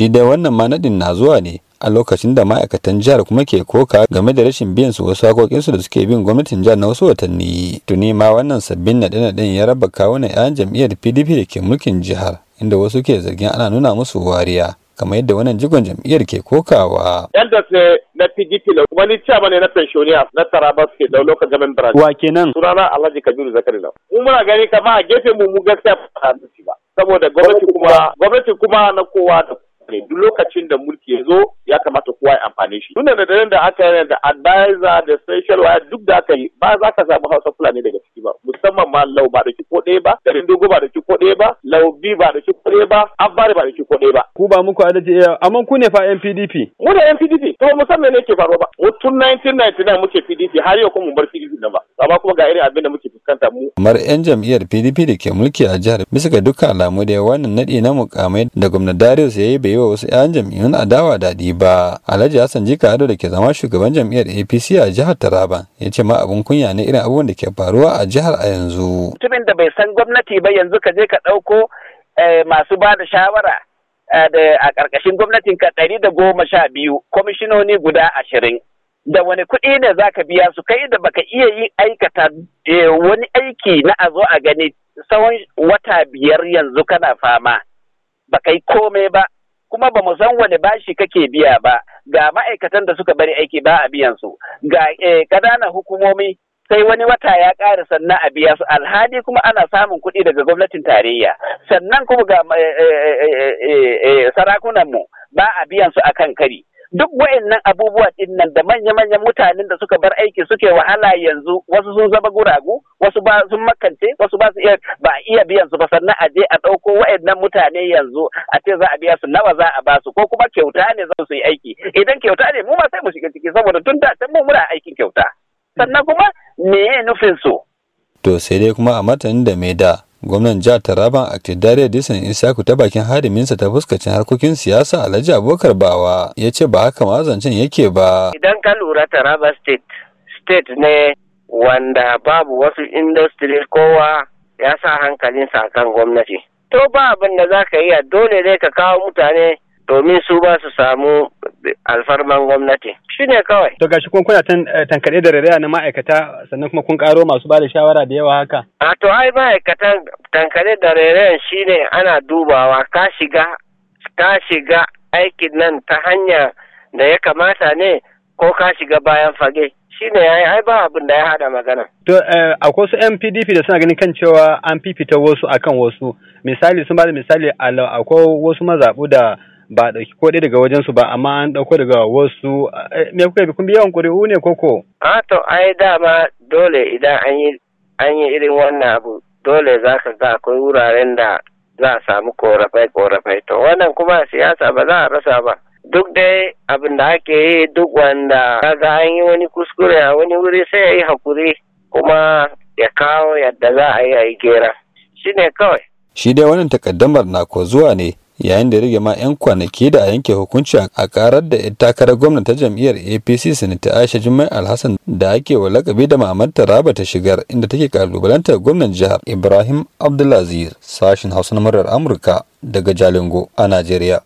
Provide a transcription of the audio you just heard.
shi dai wannan ma naɗin na zuwa ne a lokacin da ma'aikatan jihar kuma ke koka game da rashin biyan su wasu su da suke bin gwamnatin jihar na wasu watanni tuni ma wannan sabbin naɗe-naɗen ya raba kawunan 'yan jam'iyyar pdp da ke mulkin jihar inda wasu ke zargin ana nuna musu wariya kamar yadda wannan jigon jam'iyyar ke kokawa. Yan da ce na PDP da wani cewa ne na pensioniya na Taraba suke da lokacin gamin Birane. Wa kenan? Sunana Alhaji Kabiru Zakari Lau. Mu muna gani kama a gefe mu mu gaskiya ba ba. Saboda gwamnati kuma gwamnati kuma na kowa da duk lokacin da mulki ya zo ya kamata kowa ya amfane shi. Tunda da da aka yi da advisor da special wire duk da aka yi ba za ka samu Hausa Fulani daga ciki ba musamman ma lau ba da ki ɗaya ba garin dogo ba da ki ko ɗaya ba lau bi ba da ki ko ɗaya ba abba ba da ki ɗaya ba. ku ba muku adalci eh, amma ku ne fa yan pdp. mu da yan pdp to musamman ne ke faruwa ba mu tun 1999 muke pdp har yau kuma mu bar pdp na ba amma kuma ga irin abin da muke fuskanta mu. kamar yan jam'iyyar pdp da ke mulki a jihar bisa ga dukkan alamu da wannan naɗi na mukamai da gwamna darius ya yi bai yi wa wasu yan jam'iyyun adawa daɗi ba alhaji hassan jika da ke zama shugaban jam'iyyar apc a jihar taraba ya ce ma abun kunya ne irin abubuwan da ke faruwa a jihar a yanzu. Mutumin da bai san gwamnati ba yanzu ka je ka ɗauko eh, masu ba da shawara eh, a ƙarƙashin gwamnatin ka ɗari da goma sha biyu kwamishinoni guda ashirin. Da wani kuɗi ne za ka biya su kai da baka iya yi aikata eh, wani aiki na a zo a gani tsawon wata biyar yanzu kana fama. Baka yi komai ba, kuma ba mu san wani bashi kake biya ba ga ma'aikatan da suka bari aiki ba a biyan su ga ƙananan hukumomi sai wani wata ya ƙara sannan a biya su alhali kuma ana samun kuɗi daga gwamnatin tarayya sannan kuma ga eh, eh, eh, sarakunanmu ba a biyan su a kan kari duk wa'annan abubuwa din nan da manya-manyan mutanen da suka bar aiki suke wahala yanzu wasu sun zama guragu wasu ba sun makance wasu ba su iya ba iya biyan su ba sannan a je a ɗauko wa'annan mutane yanzu a ce za a biya su nawa za a ba su ko kuma kyauta ne za su yi aiki idan kyauta ne mu ma sai mu shiga ciki saboda tun da can mu muna aikin kyauta sannan kuma Me meye nufin su to sai dai kuma a matanin da mai da gwamnan jihar taraban aktidare disan isaku ta bakin hariminsa ta fuskacin harkokin siyasa alhaji Abubakar bawa ya ce ba haka ma zancen yake ba idan ka lura taraba state state ne wanda babu wasu industry kowa ya sa hankalinsa kan gwamnati to ba abin da za ka yi dole ne ka kawo mutane domin su ba su samu alfarman gwamnati shi ne kawai. To gashi kun kuna eh, tankaɗe da rariya na ma'aikata sannan kuma kun ƙaro masu ba da shawara da yawa haka. A to ai ma'aikatan tankaɗe da rariyan shi ne ana dubawa ka shiga ka shiga aikin nan ta hanya da ya kamata ne ko ka shiga bayan fage. Shi ne ai ba abin da ya hada magana. To eh, akwai su MPDP da suna ganin kan cewa an fifita wasu akan wasu. Misali sun ba da misali akwai wasu mazaɓu da ba a ɗauki ko daga wajen su ba amma an ɗauko daga wasu eh, me kuka bi kun bi yawan ƙuri'u ne koko. a to ai dama dole idan an yi irin wannan abu dole za ka ga akwai wuraren da za a samu korafai korafai to wannan kuma siyasa ba za a rasa ba duk dai abin da ake yi duk wanda kaga an yi wani kuskure a wani wuri sai ya yi hakuri kuma ya kawo yadda za a yi a yi gera shine kawai shi dai wannan takaddamar na ko zuwa ne yayin da ya rage ma 'yan kwanaki da a yanke hukunci a karar da takarar gwamna ta jam'iyyar apc sanata aisha jummai alhassan da ake wa lakabi da mamar raba ta shigar inda take kalubalantar gwamnan jihar ibrahim abdulaziz sashin hausa na murar amurka daga jalingo a najeriya